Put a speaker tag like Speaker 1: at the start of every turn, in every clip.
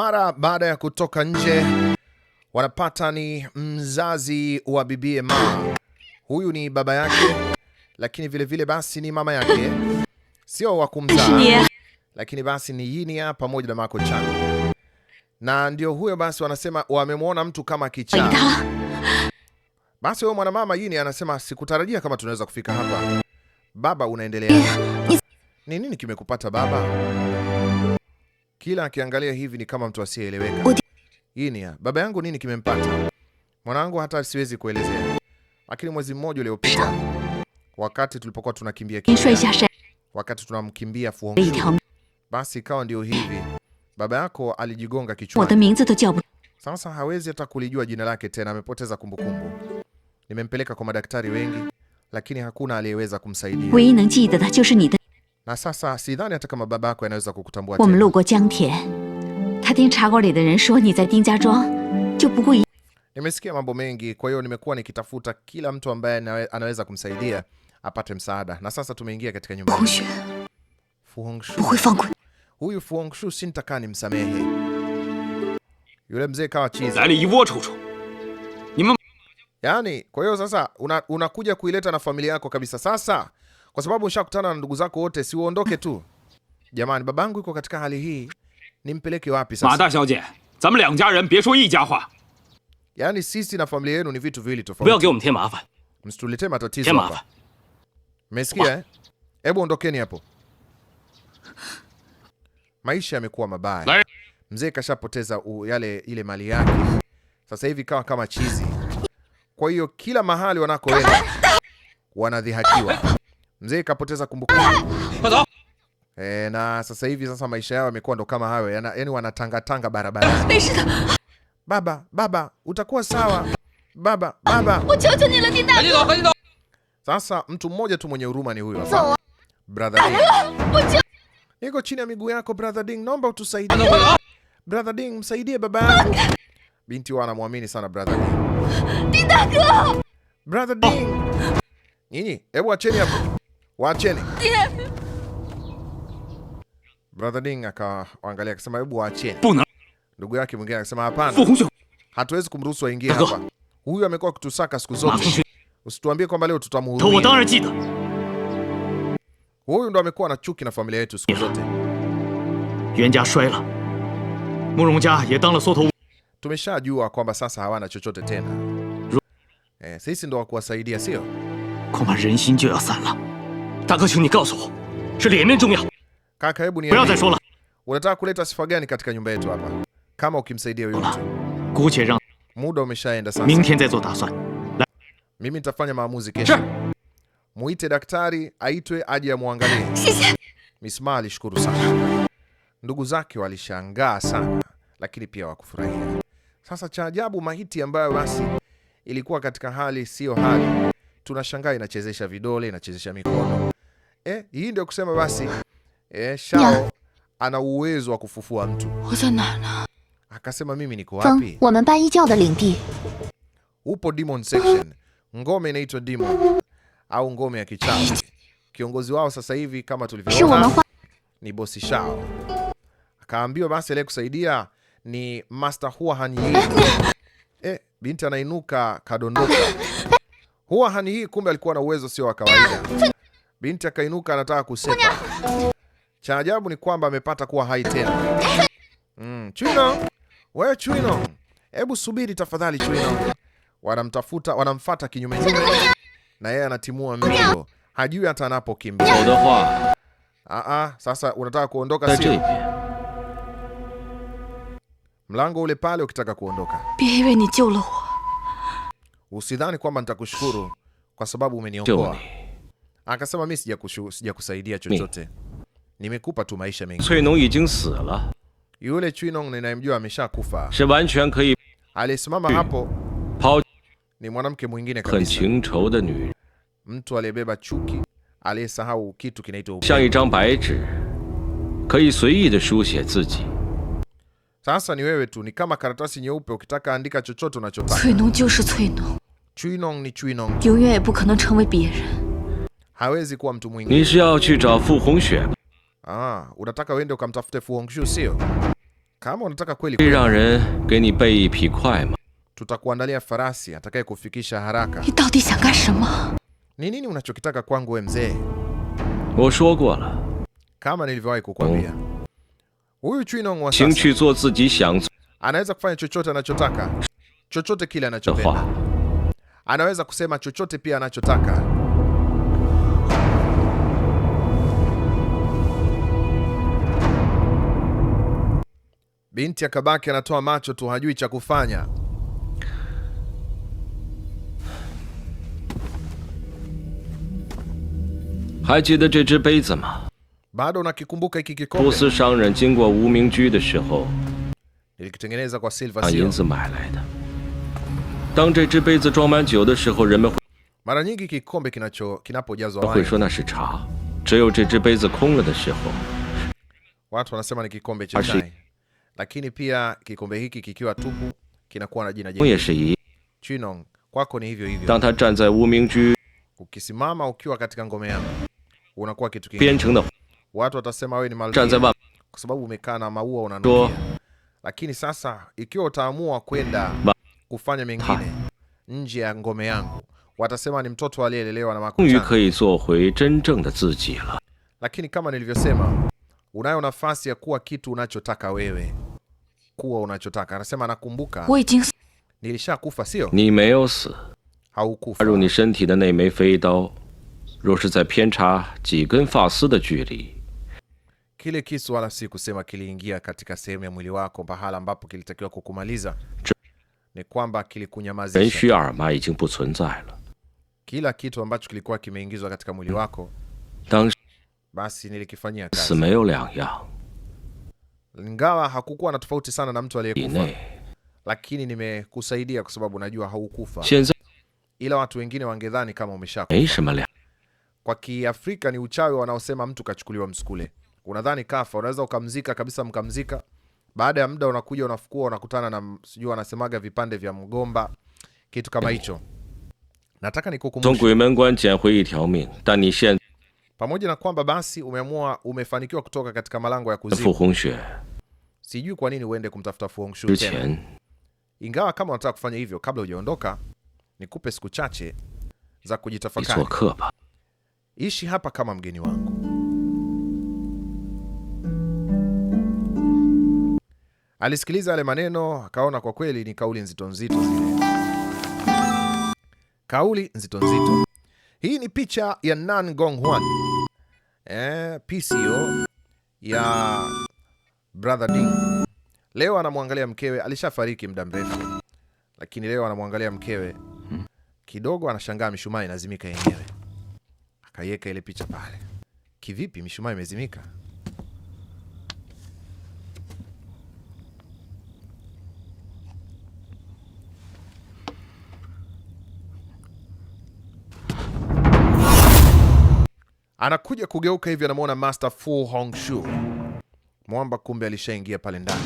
Speaker 1: Mara baada ya kutoka nje wanapata ni mzazi wa bibie Ma. Huyu ni baba yake, lakini vilevile vile basi ni mama yake, sio wa
Speaker 2: kumzaa,
Speaker 1: lakini basi ni Yinia pamoja na Mako Chan, na ndio huyo basi wanasema wamemwona mtu kama
Speaker 2: kichaa.
Speaker 1: Basi huyo mwanamama yini anasema sikutarajia kama tunaweza kufika hapa. Baba unaendelea, ni nini kimekupata baba? Kila akiangalia hivi ni kama mtu asiyeeleweka. Hii ya baba yangu, nini kimempata mwanangu? Hata siwezi kuelezea, lakini mwezi mmoja uliopita, wakati tulipokuwa tunakimbia kimbia, wakati tunamkimbia
Speaker 2: Fu Hongxue,
Speaker 1: basi ikawa ndio hivi, baba yako alijigonga
Speaker 2: kichwani.
Speaker 1: Sasa hawezi hata kulijua jina lake tena, amepoteza kumbukumbu. Nimempeleka kwa madaktari wengi, lakini hakuna aliyeweza kumsaidia. Na sasa sidhani hata kama baba yako
Speaker 2: anaweza kukutambua tena. Jiangtie. chaguo li de ren shuo ni zai jiu
Speaker 1: Nimesikia mambo mengi, kwa hiyo nimekuwa nikitafuta kila mtu ambaye anaweza kumsaidia apate msaada. Na sasa
Speaker 2: tumeingia katika nyumba. Fu Hongxue.
Speaker 1: Huyu Fu Hongxue nimsamehe.
Speaker 3: Yule mzee kawa chizi.
Speaker 1: Yaani, kwa hiyo sasa unakuja una kuileta na familia yako kabisa sasa kwa sababu ushakutana na ndugu zako wote, si uondoke tu. Jamani, babangu yuko katika hali hii,
Speaker 3: nimpeleke wapi sasa?
Speaker 1: Yani sisi na familia yenu
Speaker 3: ni vitu viwili tofauti, msituletee matatizo hapa.
Speaker 1: Mmesikia eh? Hebu ondokeni hapo. Maisha yamekuwa mabaya, mzee kashapoteza yale ile mali yake, sasa hivi kawa kama chizi. Kwa hiyo kila mahali wanakoenda
Speaker 2: wanadhihakiwa.
Speaker 1: Mzee kapoteza kumbukumbu. E, na sasa hivi sasa maisha yao yamekuwa ndo kama hayo, yaani
Speaker 2: wanatangatanga barabarani.
Speaker 1: Baba, baba, utakuwa sawa. Baba, baba. Sasa mtu mmoja tu mwenye huruma ni huyo. Brother
Speaker 2: Ding.
Speaker 1: Niko chini ya miguu yako Brother
Speaker 3: Ding, naomba utusaidie.
Speaker 1: Brother Ding, msaidie baba yangu. Binti anamwamini sana Brother
Speaker 2: Ding.
Speaker 1: Brother Ding. Nini? Hebu acheni hapo waacheni. Brother Ding akaangalia
Speaker 3: akasema, hebu waacheni. Ndugu yake mwingine akasema, hapana, hatuwezi kumruhusu aingie hapa. Huyu amekuwa akitusaka siku zote, usituambie kwamba leo tutamhurumia.
Speaker 1: Huyu ndo amekuwa na chuki
Speaker 3: na familia yetu siku zote.
Speaker 1: Tumeshajua kwamba sasa hawana chochote tena. Eh, sisi ndo wa kuwasaidia,
Speaker 3: sio? 大哥，请你告诉我，是脸面重要。Kaka, hebu niambie.
Speaker 1: Unataka kuleta sifa gani katika nyumba yetu hapa? Kama ukimsaidia
Speaker 3: huyu mtu. Guche rang.
Speaker 1: Muda umeshaenda
Speaker 3: sasa. Mingtian zaizuo dasuan.
Speaker 1: Mimi nitafanya maamuzi kesho. Muite daktari aitwe
Speaker 2: aje amwangalie.
Speaker 1: Miss Ma alishukuru sana. Ndugu zake walishangaa sana, lakini pia wakufurahia. Sasa cha ajabu, mahiti ambayo basi ilikuwa katika hali siyo hali, tunashangaa inachezesha vidole, inachezesha mikono eh, hii ndio kusema basi
Speaker 2: eh, Shao
Speaker 1: ana uwezo wa kufufua mtu. Akasema mimi
Speaker 2: niko wapi?
Speaker 1: Upo Demon Section. Ngome inaitwa Demon au ngome ya kichawi. Kiongozi wao sasa hivi
Speaker 2: kama tulivyoona
Speaker 1: ni bosi Shao. Akaambiwa basi ile kusaidia ni Master Hua Hanyi. Eh. eh, binti anainuka kadondoka. Hua Hanyi kumbe alikuwa na uwezo sio wa kawaida. Binti akainuka anataka kusema. Cha ajabu ni kwamba amepata kuwa hai tena. Mm, Chwino, We Chwino, hebu subiri tafadhali Chwino. Wanamtafuta, wanamfuata kinyume nyume, na yeye anatimua mbio, hajui hata
Speaker 3: anapokimbia. Aa,
Speaker 1: ah, ah, sasa unataka
Speaker 3: kuondoka sio?
Speaker 1: Mlango ule pale ukitaka kuondoka. Usidhani kwamba nitakushukuru
Speaker 3: kwa sababu umeniokoa. Akasema mimi sijakusaidia chochote, nimekupa tu maisha mengi.
Speaker 1: Yule Chuinong ninayemjua
Speaker 3: ameshakufa.
Speaker 1: Alisimama hapo,
Speaker 3: ni mwanamke mwingine kabisa,
Speaker 1: mtu aliyebeba chuki,
Speaker 3: aliyesahau kitu kinaitwa
Speaker 1: sasa ni wewe tu, ni kama karatasi nyeupe,
Speaker 2: ukitaka andika chochote unachotaka. Chuinong ni Chuinong
Speaker 3: hawezi kuwa mtu mwingine.
Speaker 1: Ah, unataka uende ukamtafute Fu Hongxue sio?
Speaker 3: Kama unataka kweli tutakuandalia farasi
Speaker 2: atakaye kufikisha haraka.
Speaker 1: Ni nini unachokitaka kwangu we mzee? Kama nilivyowahi kukwambia,
Speaker 3: huyu Chunong wa sasa
Speaker 1: anaweza kufanya chochote anachotaka, chochote kile anachopenda. Anaweza kusema chochote pia anachotaka. Binti akabaki anatoa macho tu, hajui cha kufanya. Bado unakikumbuka hiki kikombe? Nilikitengeneza kwa Silva Mara nyingi kikombe kinacho
Speaker 3: kinapojazwa wai, watu wanasema ni kikombe cha chai
Speaker 1: lakini pia kikombe hiki kikiwa
Speaker 3: tupu kinakuwa na jina jingine. Chinong, kwako ni hivyo hivyo. Ukisimama ukiwa katika ngome yangu unakuwa kitu kingine.
Speaker 1: Watu watasema wewe
Speaker 3: ni malkia kwa sababu umekaa na maua unanukia.
Speaker 1: Lakini sasa ikiwa
Speaker 3: utaamua kwenda kufanya mengine
Speaker 1: nje ya ngome yangu, watasema
Speaker 3: ni mtoto aliyelelewa na makucha.
Speaker 1: Lakini kama nilivyosema, unayo nafasi ya kuwa kitu unachotaka wewe
Speaker 2: kuwa unachotaka. Anasema anakumbuka
Speaker 3: nilishakufa, sio ni meos haukufa ru ni shenty de nei mei fei dao ro shi zai pian ji gen fa si de ju
Speaker 1: kile kisu wala si kusema kiliingia katika sehemu ya mwili wako pahala ambapo kilitakiwa kukumaliza, ni kwamba
Speaker 3: kilikunyamazisha.
Speaker 1: Kila kitu ambacho kilikuwa kimeingizwa
Speaker 3: katika mwili mm. wako, basi nilikifanyia kazi
Speaker 1: ingawa hakukuwa na tofauti
Speaker 3: sana na mtu aliyekufa,
Speaker 1: lakini nimekusaidia kwa
Speaker 3: sababu najua haukufa,
Speaker 1: ila watu wengine wangedhani
Speaker 3: kama umeshakufa.
Speaker 1: Kwa Kiafrika ni uchawi wanaosema mtu kachukuliwa msukule. Unadhani kafa, unaweza ukamzika kabisa, mkamzika. Baada ya muda unakuja, unafukua, unakutana na sijui wanasemaga vipande vya
Speaker 3: mgomba, kitu kama hicho. Nataka nikukumbushe
Speaker 1: pamoja na kwamba basi umeamua
Speaker 3: umefanikiwa kutoka katika malango ya kuzimu,
Speaker 1: sijui kwa nini uende
Speaker 3: kumtafuta Fu Hongxue tena.
Speaker 1: Ingawa kama unataka kufanya hivyo kabla hujaondoka, nikupe siku chache
Speaker 3: za kujitafakari.
Speaker 1: Ishi hapa kama mgeni wangu. Alisikiliza yale maneno akaona kwa kweli ni kauli nzito nzito zile. Kauli nzito nzito. Hii ni picha ya Nan Gonghuan eh, PCO ya Brother Ding. Leo anamwangalia mkewe, alishafariki muda mrefu, lakini leo anamwangalia mkewe kidogo, anashangaa mishumaa inazimika yenyewe. Akaiweka ile picha pale. Kivipi mishumaa imezimika? anakuja kugeuka hivi anamwona Master Fu Hongxue mwamba, kumbe
Speaker 3: alishaingia pale ndani.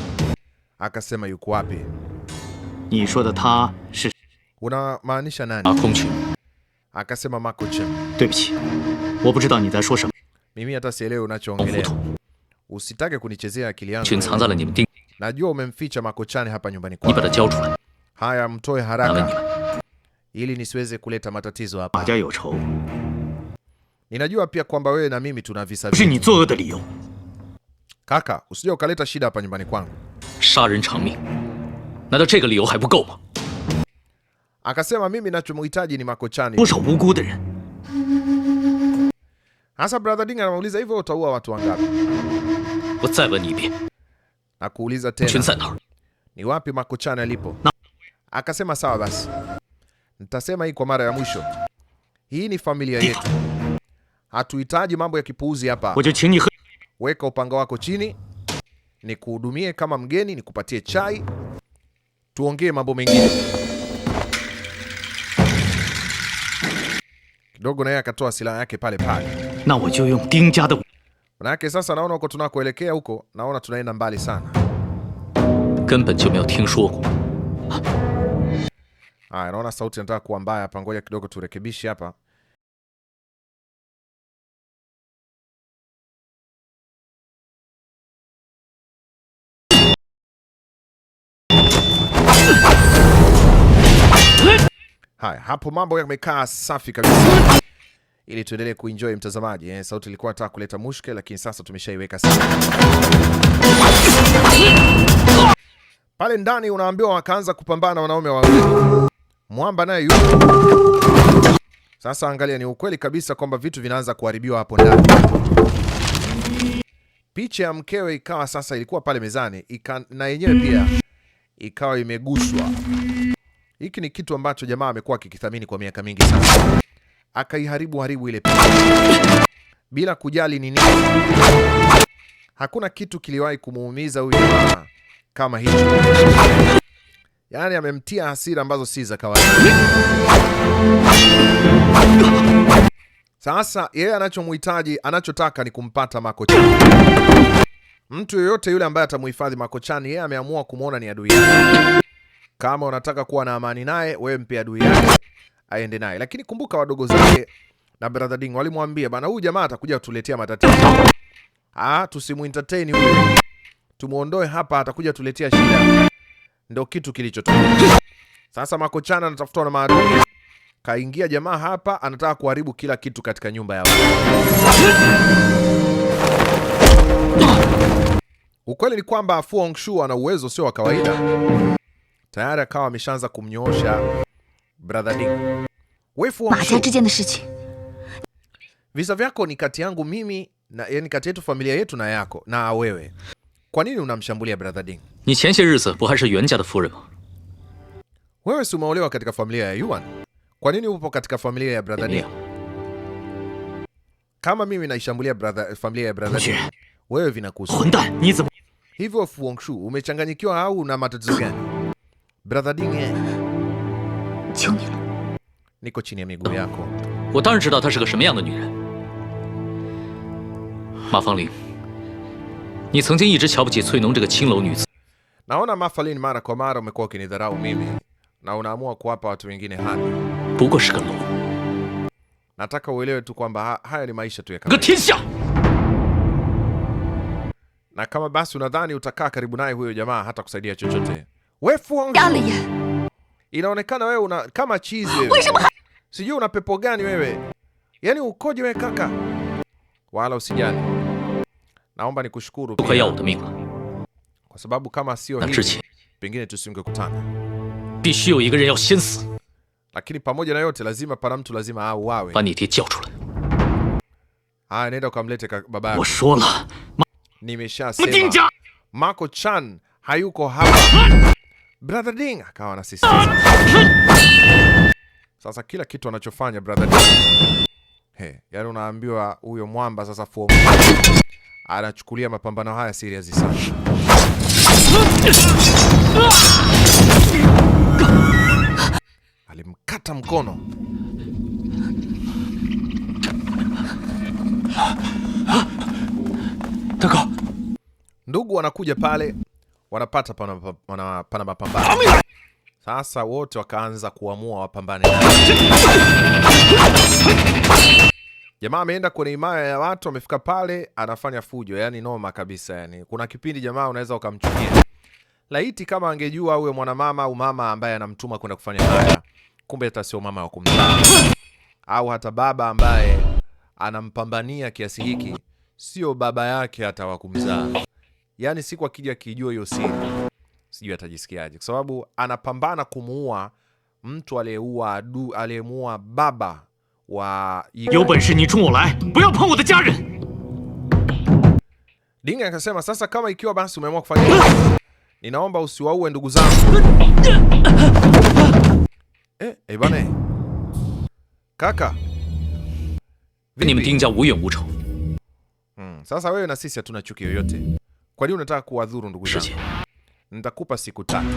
Speaker 3: Akasema yuko wapi? Unamaanisha nani?
Speaker 1: Akasema Ma Kongqun. Mimi hata sielewi
Speaker 3: unachoongelea,
Speaker 1: usitake kunichezea
Speaker 3: akili yangu. Najua umemficha Ma Kongqun hapa nyumbani kwako.
Speaker 1: Haya, mtoe haraka ili nisiweze kuleta
Speaker 3: matatizo hapa.
Speaker 1: Ninajua pia kwamba wewe na
Speaker 3: mimi tuna visa vingi.
Speaker 1: Kaka, usije ukaleta shida hapa nyumbani kwangu. Akasema mimi ninachomhitaji
Speaker 3: ni makochani.
Speaker 1: Hasa brother Ding anamuuliza hivyo utaua watu wangapi? Nakuuliza
Speaker 3: tena.
Speaker 1: Ni wapi makochani alipo? Akasema sawa basi. Nitasema hii kwa mara ya mwisho. Hii ni familia yetu. Hatuhitaji mambo ya
Speaker 3: kipuuzi hapa.
Speaker 1: Weka upanga wako chini, nikuhudumie kama mgeni, nikupatie chai, tuongee mambo mengine kidogo. Naye akatoa silaha yake pale pale. Manake sasa naona uko tunakoelekea huko, naona tunaenda mbali sana. Haya, naona sauti inataka kuwa mbaya hapa, ngoja kidogo turekebishe hapa. Haya, hapo mambo yamekaa safi kabisa ili tuendelee kuenjoy mtazamaji. Eh, sauti ilikuwa nataka kuleta mushke, lakini sasa tumeshaiweka Pale ndani unaambiwa wakaanza kupambana wanaume wawili. Mwamba naye yupo. Sasa angalia, ni ukweli kabisa kwamba vitu vinaanza kuharibiwa hapo ndani. Picha ya mkewe ikawa sasa ilikuwa pale mezani, na yenyewe pia ikawa imeguswa hiki ni kitu ambacho jamaa amekuwa akikithamini kwa miaka mingi sana, akaiharibu haribu ile picha bila kujali ni nini. Hakuna kitu kiliwahi kumuumiza huyu jamaa kama hicho, yaani amemtia hasira ambazo si za kawaida. Sasa yeye anachomhitaji, anachotaka ni kumpata Makocha mtu yoyote yule ambaye atamhifadhi Makochani, yeye ameamua kumwona ni adui yake. Kama unataka kuwa na amani naye, wewe mpe adui yake aende naye. Lakini kumbuka wadogo zake na brother Ding walimwambia bana, huyu jamaa atakuja kutuletea matatizo. Ah, entertain huyu, tumuondoe hapa, atakuja tuletea shida. Ndio kitu kilichotokea. Sasa makochana anatafutwa na maadui, kaingia jamaa hapa, anataka kuharibu kila kitu katika nyumba yao. Ukweli ni kwamba Fu Hongxue ana uwezo sio wa kawaida tayari akawa ameshaanza kumnyoosha
Speaker 2: brother Dick. Wefu wa
Speaker 1: visa vyako ni kati yangu mimi na, yani kati yetu familia yetu na yako na wewe. Kwa nini unamshambulia brother
Speaker 3: Ding? Ni rizi
Speaker 1: wewe si umeolewa katika familia ya Yuan. Kwa nini upo katika
Speaker 3: familia ya brother Ding?
Speaker 1: Kama mimi naishambulia brother,
Speaker 3: familia ya brother Ding, wewe vinakuhusu.
Speaker 1: Hivyo Fu Hongxue umechanganyikiwa
Speaker 2: au una matatizo gani? Bradalinge.
Speaker 3: Niko chini ya miguu yako. 我当然知道她是个什么样的女人。马芳玲，你曾经一直瞧不起翠农这个青楼女子。
Speaker 1: Naona Mafalin mara kwa mara umekuwa ukinidharau mimi
Speaker 3: na unaamua kuwapa watu wengine haki. 不过是个龙
Speaker 1: ，Nataka uelewe tu kwamba
Speaker 3: haya ni maisha tu ya kawaida. 天下。
Speaker 1: Na kama basi unadhani utakaa karibu naye huyo jamaa
Speaker 2: hata kusaidia chochote wefu wangu. Yaani. inaonekana wewe una kama chizi wewe.
Speaker 1: Sijui una pepo gani wewe, yaani ukoje wewe kaka? Wala usijali,
Speaker 3: naomba nikushukuru pia
Speaker 1: kwa sababu kama
Speaker 3: sio hivi pengine tusingekutana.
Speaker 1: Lakini pamoja na yote, lazima pana
Speaker 3: mtu lazima auawe.
Speaker 1: Haya, nenda ukamlete
Speaker 3: baba yako.
Speaker 1: Nimeshasema Mako Chan hayuko hapa. Brother akawa na anasisitiza. Sasa kila kitu anachofanya Brother ding Hey, yani unaambiwa huyo mwamba sasa form anachukulia mapambano haya serious sana.
Speaker 3: Alimkata mkono.
Speaker 1: Ndugu anakuja pale wanapata pana mapambano. Sasa wote wakaanza kuamua wapambane. Jamaa ameenda kwenye imaya ya watu, amefika pale anafanya fujo, yani noma kabisa. Yani kuna kipindi jamaa unaweza ukamchukia. Laiti kama angejua huyo mwanamama au mama ambaye anamtuma kwenda kufanya haya, kumbe hata sio mama wa kumzaa, au hata baba ambaye anampambania kiasi hiki sio baba yake hata wa kumzaa yani siku akija akijua hiyo siri, sijui atajisikiaje, kwa sababu anapambana kumuua mtu aliyeua
Speaker 3: adu aliyemuua baba wa
Speaker 1: Ding akasema, sasa kama ikiwa basi umeamua kufanya hivyo, ninaomba usiwaue ndugu zangu. Eh, eh bane. Kaka. Vipi? Hmm, sasa wewe na sisi hatuna chuki yoyote. Kwa nini unataka kuwadhuru ndugu zangu? Nitakupa siku tatu.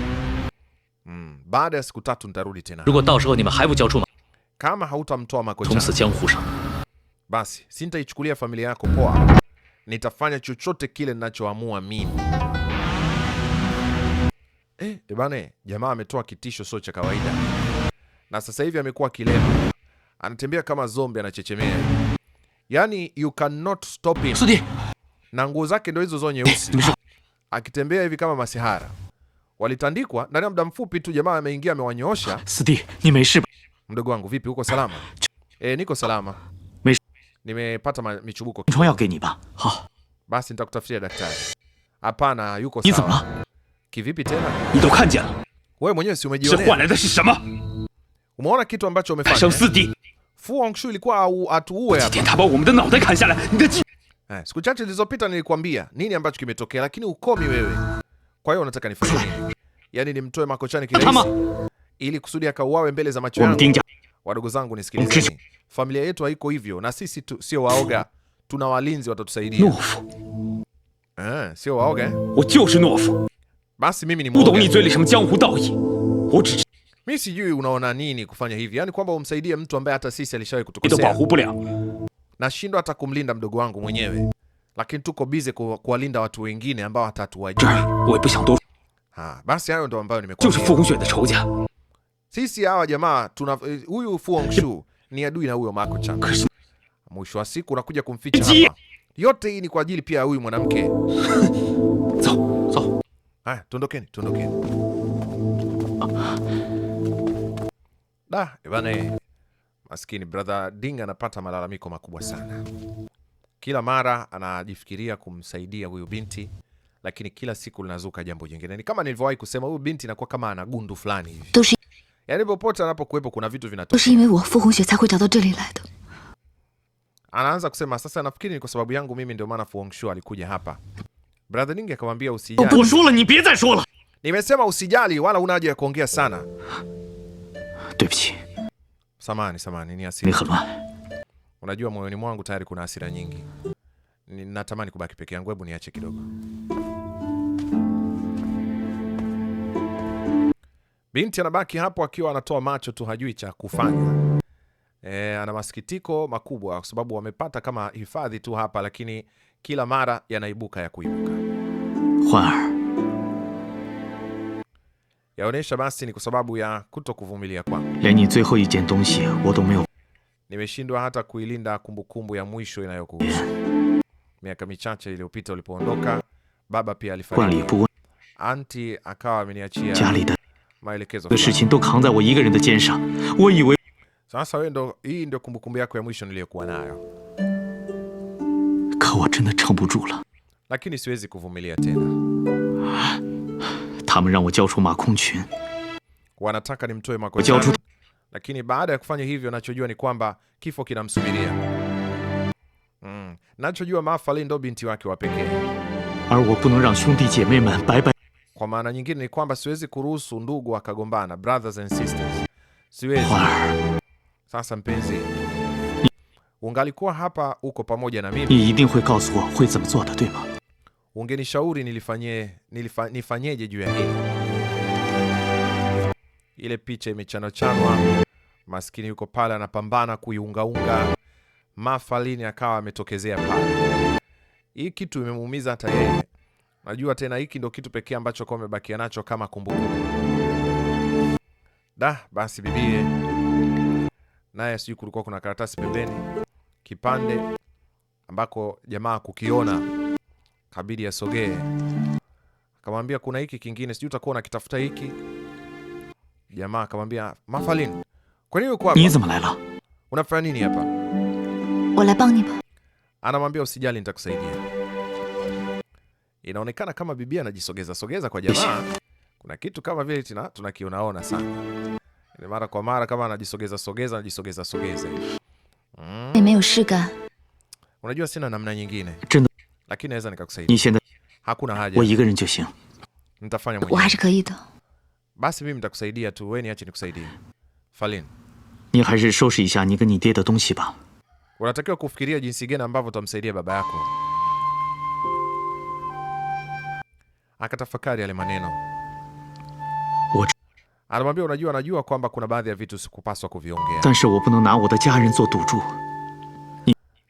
Speaker 3: Mm, baada ya siku tatu nitarudi tena. Kama hautamtoa makocha,
Speaker 1: basi sintaichukulia familia yako poa. Nitafanya chochote kile ninachoamua mimi. Eh, bane, jamaa ametoa kitisho sio cha kawaida, na sasa hivi amekuwa kilema, anatembea kama zombi, anachechemea.
Speaker 3: Yani, you cannot stop him na nguo zake ndo hizo zo nyeusi,
Speaker 1: akitembea hivi kama masihara. Walitandikwa
Speaker 3: ndani ya muda mfupi tu, jamaa ameingia amewanyoosha.
Speaker 1: Mdogo wangu vipi, uko salama? E, niko salama,
Speaker 3: nimepata michubuko.
Speaker 1: Basi nitakutafutia daktari.
Speaker 3: Hapana, yuko sawa. Kivipi tena? Wewe mwenyewe si umejionea.
Speaker 1: Umeona kitu ambacho
Speaker 3: umefanya? Fu Hongxue ilikuwa atuue hapa.
Speaker 1: Eh, siku chache zilizopita nilikwambia nini ambacho kimetokea,
Speaker 3: lakini ukomi wewe. Kwa hiyo unataka nifanye nini? Yaani nimtoe makochani kirahisi
Speaker 1: ili kusudi akauawe
Speaker 3: mbele za macho yangu?
Speaker 1: Wadogo zangu nisikilizeni, familia yetu haiko hivyo, na sisi tu sio waoga,
Speaker 3: tuna walinzi watatusaidia.
Speaker 1: Eh, sio waoga.
Speaker 3: Eh? Basi mimi ni mwoga.
Speaker 1: Mimi sijui unaona nini kufanya hivi, yaani kwamba
Speaker 3: umsaidie mtu ambaye hata sisi alishawahi kutukosea
Speaker 1: nashindwa hata kumlinda mdogo wangu mwenyewe, lakini tuko
Speaker 3: bize kuwalinda watu wengine ambao hata hatuwajui. Ha, basi hayo ndo ambayo nimekuambia.
Speaker 1: Sisi hawa jamaa tuna eh, huyu Fu Hongxue ni adui na huyo Ma
Speaker 3: Kongqun. Mwisho wa siku unakuja kumficha hapa.
Speaker 1: Yote hii ni kwa ajili pia ya huyu mwanamke. Haya, tuondokeni, tuondokeni. Ah. Da, bwana. Maskini brother Ding anapata malalamiko makubwa sana. Kila mara anajifikiria kumsaidia huyu binti, lakini kila siku linazuka jambo jingine. Ni kama nilivyowahi kusema,
Speaker 2: huyu binti inakuwa kama ana gundu fulani hivi, yaani popote anapokuwepo kuna vitu vinatokea.
Speaker 1: Anaanza kusema sasa, nafikiri ni kwa sababu yangu mimi, ndio maana Fu Hongxue alikuja hapa. Brother Ding akamwambia usijali, nimesema usijali, wala una haja ya kuongea sana. Samani, samani,
Speaker 3: ni hasira.
Speaker 1: Unajua moyoni mwangu tayari kuna hasira nyingi. natamani kubaki peke yangu, hebu niache kidogo. Binti anabaki hapo akiwa anatoa macho tu, hajui cha kufanya. E, ana masikitiko makubwa kwa sababu wamepata kama hifadhi tu hapa, lakini kila
Speaker 3: mara yanaibuka ya kuibuka
Speaker 1: yaonyesha basi ni kwa sababu ya
Speaker 3: kuto kuvumilia kwako.
Speaker 1: Nimeshindwa hata kuilinda kumbukumbu
Speaker 3: ya mwisho inayokuhusu. Miaka michache iliyopita ulipoondoka, baba pia alifariki. Anti akawa ameniachia maelekezo.
Speaker 1: Sasa wewe ndo hii ndio kumbukumbu yako ya mwisho niliyokuwa nayo. Lakini siwezi kuvumilia tena.
Speaker 3: 他们让我交出马空群
Speaker 1: ，wanataka nimtoe lakini baada ya kufanya hivyo, nachojua ni kwamba kifo kinamsubiria. Mm. Nachojua ndo binti
Speaker 3: wake wa pekee.
Speaker 1: kwa maana nyingine ni kwamba siwezi kuruhusu ndugu akagombana, brothers and sisters, siwezi. mpenzi, ungalikuwa hapa uko
Speaker 3: pamoja na mimi, 你一定会告诉我会怎么做的，对吗？
Speaker 1: ungenishauri nilifanye, nilifa, nifanyeje juu ya hili. Ile picha imechanwachanwa, maskini yuko pale anapambana kuiungaunga, mafalini akawa ametokezea pale. Hii kitu imemuumiza hata yeye. Najua tena hiki ndo kitu pekee ambacho kwa amebakia nacho kama kumbukumbu. Da, basi bibie naye, sijui kulikuwa kuna karatasi pembeni, kipande ambako jamaa kukiona kabidi asogee. Akamwambia kuna hiki kingine, sijui utakuwa unakitafuta hiki. Jamaa akamwambia Mafalin,
Speaker 3: kwa nini uko hapa?
Speaker 1: Unafanya nini hapa? Anamwambia usijali, nitakusaidia. Inaonekana kama bibi anajisogeza
Speaker 3: sogeza kwa jamaa. Kuna kitu kama vile tuna,
Speaker 1: tunakionaona sana Ni mara kwa mara, kama anajisogeza sogeza, anajisogeza
Speaker 2: sogeza. Mm.
Speaker 1: Unajua sina namna
Speaker 3: nyingine lakini naweza nikakusaidia. Hakuna haja,
Speaker 2: nitafanya mwenyewe.
Speaker 1: Basi mimi nitakusaidia tu, wewe niache nikusaidie. Falin, unatakiwa kufikiria jinsi gani ambavyo utamsaidia baba yako. Akatafakari yale maneno, anamwambia, unajua, najua kwamba kuna baadhi ya
Speaker 3: vitu sikupaswa kuviongea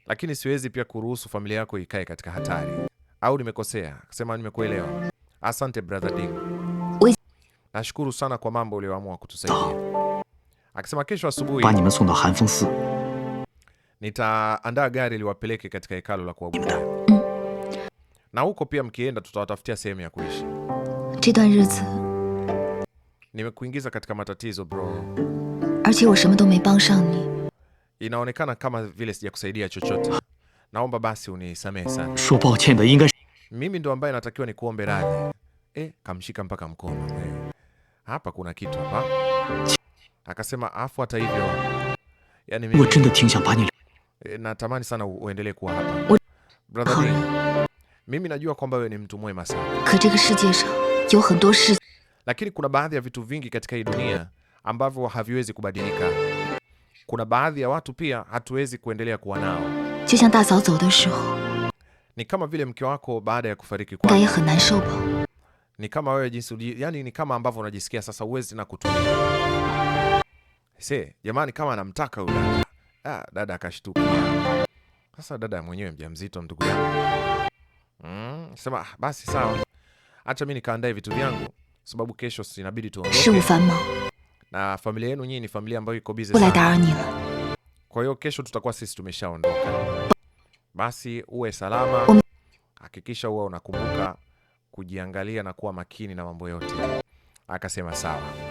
Speaker 1: lakini siwezi pia kuruhusu familia yako ikae katika hatari. Au nimekosea? Sema nimekuelewa.
Speaker 2: Asante brother Dick, nashukuru sana kwa
Speaker 3: mambo ulioamua kutusaidia. Akisema kesho asubuhi
Speaker 1: nitaandaa gari liwapeleke
Speaker 3: katika hekalo la kuabudia, mm.
Speaker 1: na huko pia mkienda, tutawatafutia sehemu ya kuishi. Nimekuingiza katika matatizo bro. Inaonekana kama vile sijakusaidia chochote,
Speaker 3: naomba basi unisamehe sana.
Speaker 1: Mimi ndo ambaye natakiwa ni kuombe radhi. Eh, kamshika mpaka mkono. E,
Speaker 3: hapa kuna kitu hapa. Akasema afu hata hivyo, yani mimi
Speaker 1: e, natamani sana uendelee
Speaker 2: kuwa hapa. Brother, mimi najua kwamba wewe ni mtu mwema sana.
Speaker 1: Lakini kuna baadhi ya vitu vingi katika hii dunia ambavyo haviwezi kubadilika
Speaker 2: kuna baadhi ya watu pia hatuwezi kuendelea kuwa nao.
Speaker 1: Ni kama vile mke wako baada
Speaker 2: ya kufariki kwako,
Speaker 1: ni kama wewe jinsi, yani ni kama ambavyo unajisikia sasa, uwezi na kutulia. Se, jamani, kama anamtaka yule ah, dada akashtuka. Sasa dada mwenyewe mjamzito, ndugu yangu mm, sema ah, basi sawa, acha mimi nikaandae vitu vyangu,
Speaker 2: sababu kesho inabidi tuondoke
Speaker 1: na familia yenu nyinyi ni familia
Speaker 2: ambayo iko busy sana.
Speaker 1: Kwa hiyo kesho tutakuwa sisi tumeshaondoka. Basi uwe salama, um- hakikisha uwe unakumbuka kujiangalia na kuwa makini na mambo yote. Akasema sawa.